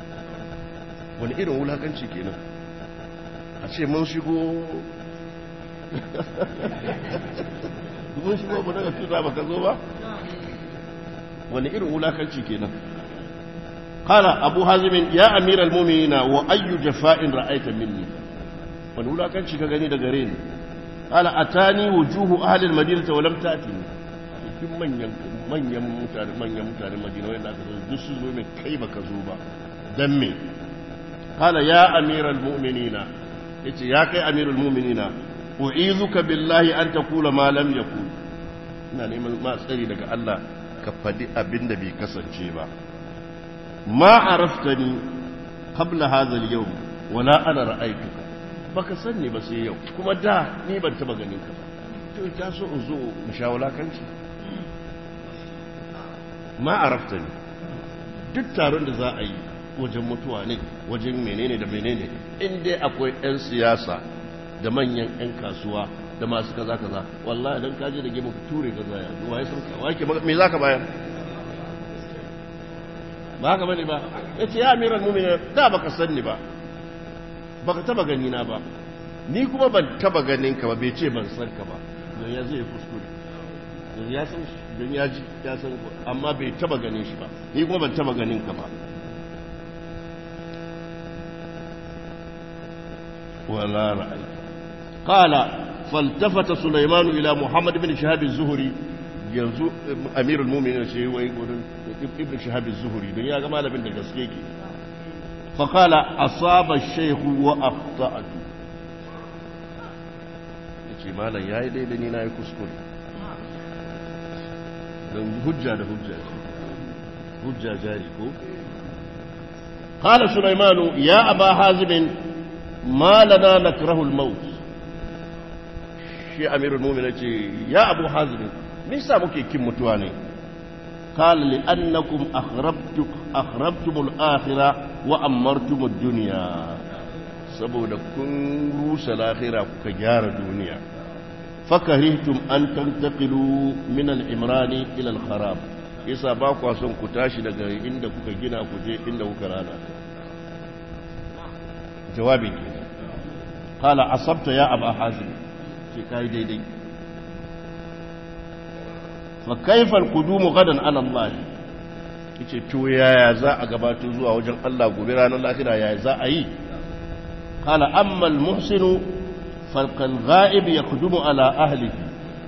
wani irin wulakanci kenan a ce mun shigo [LAUGHS] mun shigo ba daga ba ka zo ba wani irin wulakanci kenan kala abu hazmin ya amiral mummina wa ayyu jafa'in ra'aita minni wani wulakanci ka gani da gare ni ala atani wujuhu ahlil madinati wa lam ta'tini duk manyan manyan mutane manyan mutane madina wanda aka zo duk su zo mai kai baka zo ba dan me qala ya amiral mu'minina yace ya kai amirul mu'minina u'izuka billahi an taqula ma lam yakun ina neman ma tsari daga Allah ka fadi abin da bai kasance ba ma araftani qabla hadha al-yawm wala ana ra'aytuka baka san ne ba sai yau kuma da ni ban taba ganin ka ba to ta so in zo in sha wulakanci ma arafta ne duk taron da za a yi wajen mutuwa ne wajen menene da menene in dai akwai ɗan siyasa da manyan ɗan kasuwa da masu kaza kaza wallahi dan kaje da gemu ture kaza ya duwa ya san kawai ke me zaka bayar ba haka bane ba yace ya amiran mu'minin da baka sanni ba baka taba gani na ba ni kuma ban taba ganin ka ba bai ce ban san ka ba don ya zai kuskure don ya san shi don ya ji ya san amma bai taba ganin shi ba ni kuma ban taba ganin ka ba wala ra'ayi qala faltafata sulaiman ila muhammad ibn shahab az-zuhri yanzu eh, amirul mu'minin shi wai gurin ibn shahab az-zuhri don ya ga malamin da gaske ke فقال أصاب الشيخ وأخطأت yace malam yayi daidai ni nayi kuskure don hujja da hujja ko قال سليمان يا أبا حازم ما لنا نكره الموت شي أمير المؤمنين يا أبو حازم me yasa muke kin mutuwa ne قال لأنكم أخربتم أخربتم الآخرة وأمرتم الدنيا سبود كنروس الآخرة كجار الدنيا فكرهتم أن تنتقلوا من العمران إلى الخراب إسا باكو أسون كتاشي لغاية إندك كجينا كجي إندك كرانا جوابي قال عصبت يا أبا حازم في كاي دي دي fa kaifal kudumu gadan ala Allah yace to yaya za a gabato zuwa wajen Allah gobe ranar lahira yaya za a yi qala amma al muhsinu falqal ghaib yaqdumu ala ahlihi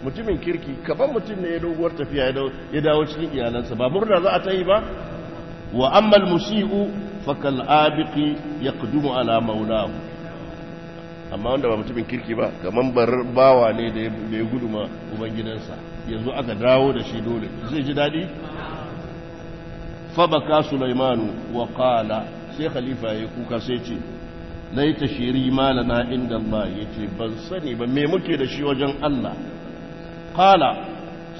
mutumin kirki kaban mutum ne ya doguwar tafiya ya dawo cikin iyalansa ba murna za a ta yi ba wa amma al musiu fakal abiqi yaqdumu ala maulahu amma wanda ba mutumin kirki ba ga mambar bawa ne da ya gudu ma ubangidansa yanzu aka dawo da shi dole zai ji daɗi fabaka sulaimanu wa qala sai khalifa ya kuka sai ce laita shiri malana inda ba ya ce ban sani ba me muke da shi wajen Allah qala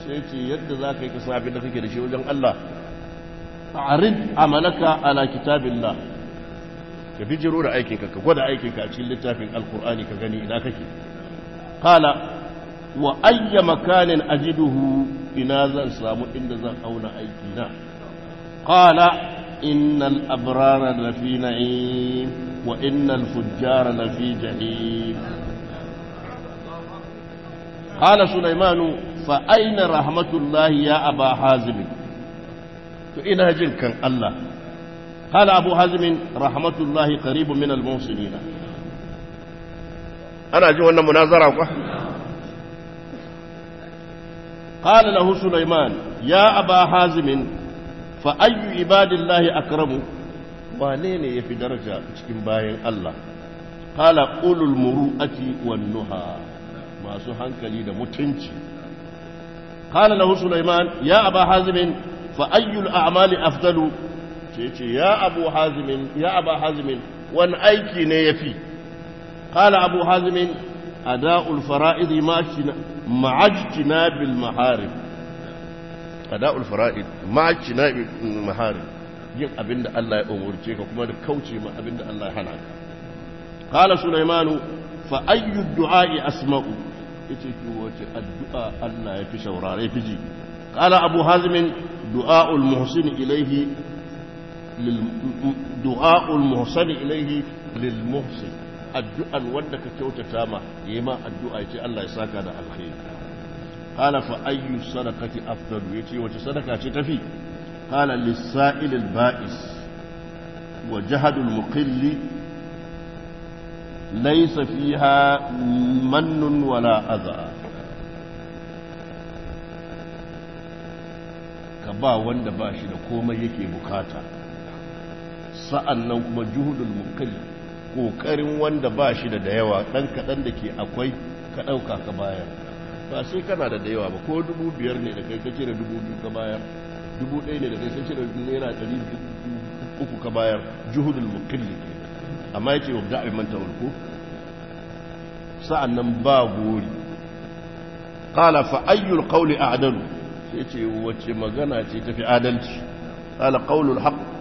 sai ce yadda za ka yi ka abin da kake da shi wajen Allah a a'rid amalaka ala kitabin Allah ka bijiro da aikinka ka gwada aikinka a cikin littafin alkur'ani ka gani ina kake kala wa ayya makanin ajiduhu ina zan samu inda zan auna aikina kala innal abrara lafi na'im wa innal fujjara lafi jahim sulaiman fa سليمان rahmatullahi ya aba hazim to ina jin kan allah قال أبو حزم رحمة الله قريب من الموصلين أنا أجيب أن مناظرة قال له سليمان يا أبا حازم فأي عباد الله أكرم وليني يفي درجة cikin الله Allah قال قول المروءة والنهى ما سو hankali da قال له سليمان يا أبا حازم فأي الأعمال أفضل ce ce ya abu hazimin ya abu hazimin wani aiki ne ya fi kala abu hazimin ada'ul fara'id na bil maharib ada'ul fara'id na bil mahari, yin abinda Allah ya umurce ka kuma da kauce ma abinda Allah ya hana ka kala sulaimanu fa ayyu du'a'i asma'u yace ki wace addu'a Allah ya fi shaurare fi ji kala abu hazimin du'a'ul muhsin ilaihi دعاء المحسن إليه للمحسن الدعاء ودك كوتا تاما يما الدعاء يتي الله يساك هذا الخير قال فأي صدقة أفضل يتي وتصدقة تتفي قال للسائل البائس وجهد المقل ليس فيها من ولا أذى كبا ba wanda ba shi da sa'annan kuma juhudul mukalli kokarin wanda ba shi da da yawa ɗan kaɗan da ke akwai ka ɗauka ka bayar ba sai kana da da yawa ba ko dubu biyar ne da kai ka da dubu biyu ka bayar dubu ɗaya ne da kai sai da naira ɗari uku ka bayar juhudul muqall amma yace wa da'i manta tawalku sa'annan ba gori qala fa ayyul qawli a'dalu sai ce wace magana ce tafi adalci qala qawlul haqq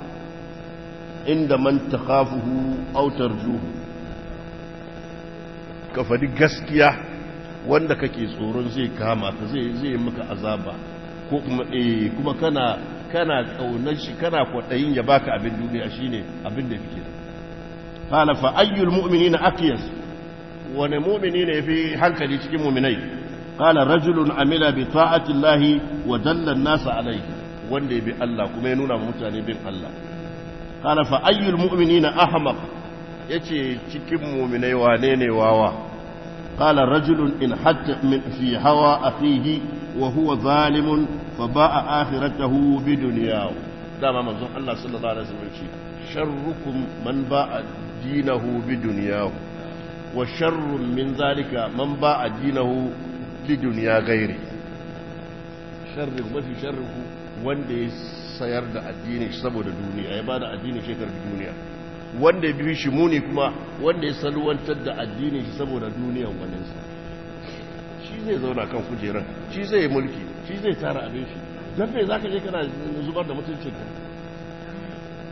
inda man takhafuhu aw tarjuhu ka fadi gaskiya wanda kake tsoron zai kama ka zai zai maka azaba ko kuma eh kuma kana kana kaunar shi kana kwadayin ya baka abin duniya shine abin da kike qala fa ayyul mu'minina aqyas wani mu'mini ne yafi hankali cikin mu'minai qala rajulun amila bi ta'ati llahi wa dalla an-nasa alayhi wanda ya bi Allah kuma ya nuna mutane bin Allah قال فأي المؤمنين أحمق يتي تكم مؤمني يوانين واوا قال رجل إن حتى من في هوى أخيه وهو ظالم فباء آخرته بدنياه دام منظور الله صلى الله عليه وسلم شركم من باء دينه بدنياه وشر من ذلك من باء دينه لدنيا غيره شرك ما في شرك وان sayar da addini saboda duniya ya bada addini shekar duniya wanda ya bi shi muni kuma wanda ya salwantar da addini shi saboda duniyan waninsa shi zai zauna kan kujeran shi zai mulki shi zai tara abin shi don za ka je kana zubar da mutuncin ka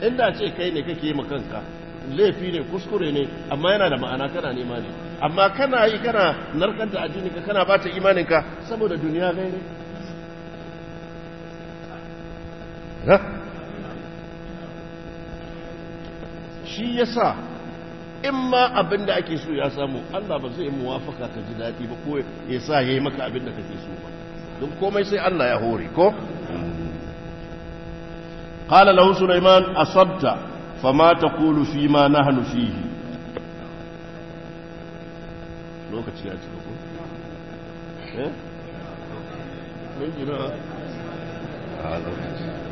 inda ce kai ne kake yi ma kanka laifi ne kuskure ne amma yana da ma'ana kana nema ne amma kana yi kana narkar da addini ka kana bata imaninka saboda duniya gaire shi ya sa in ma abinda ake so ya samu Allah ba zai muwafaka ka ji daɗi ba ko ya sa ya yi maka abinda da kake so ba don komai sai Allah ya hore ko qala lahun sulaiman asabta fama taqulu fi ma nahnu fihi lokaci ya ci ko eh mun a ah, lokaci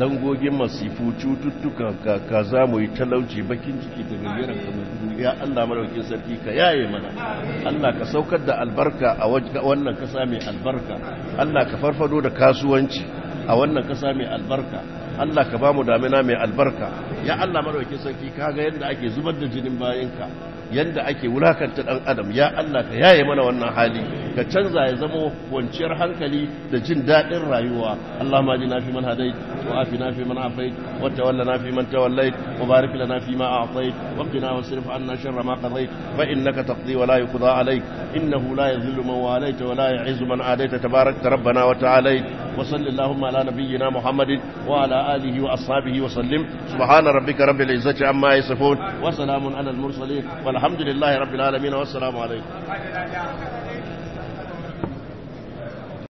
dangogin masifu cututtuka ka ka za mu yi talauci bakin ciki da gajeren kamar ya Allah maraukin sarki ka yaye mana Allah ka saukar da albarka a wannan kasa mai albarka Allah ka farfado da kasuwanci a wannan kasa mai albarka Allah ka bamu damina mai albarka ya Allah maraukin sarki ka ga yadda ake zubar da jinin bayanka yadda ake wulakanta dan adam ya Allah ka yaye mana wannan hali ka canza ya zamo kwanciyar hankali da jin daɗin rayuwa Allah ma jina fi man hadait wa afi na fi man wa tawalla na fi man wa barik lana fi ma wa qina wa sirf anna sharra ma fa innaka taqdi wa la yuqda alayk innahu la yadhillu man walayta wa la man adayta tabarakta rabbana wa wa ala nabiyyina muhammadin wa ala alihi wa ashabihi wa sallim subhana rabbika rabbil izzati amma yasifun wa salamun ala al mursalin والحمد لله رب العالمين والسلام عليكم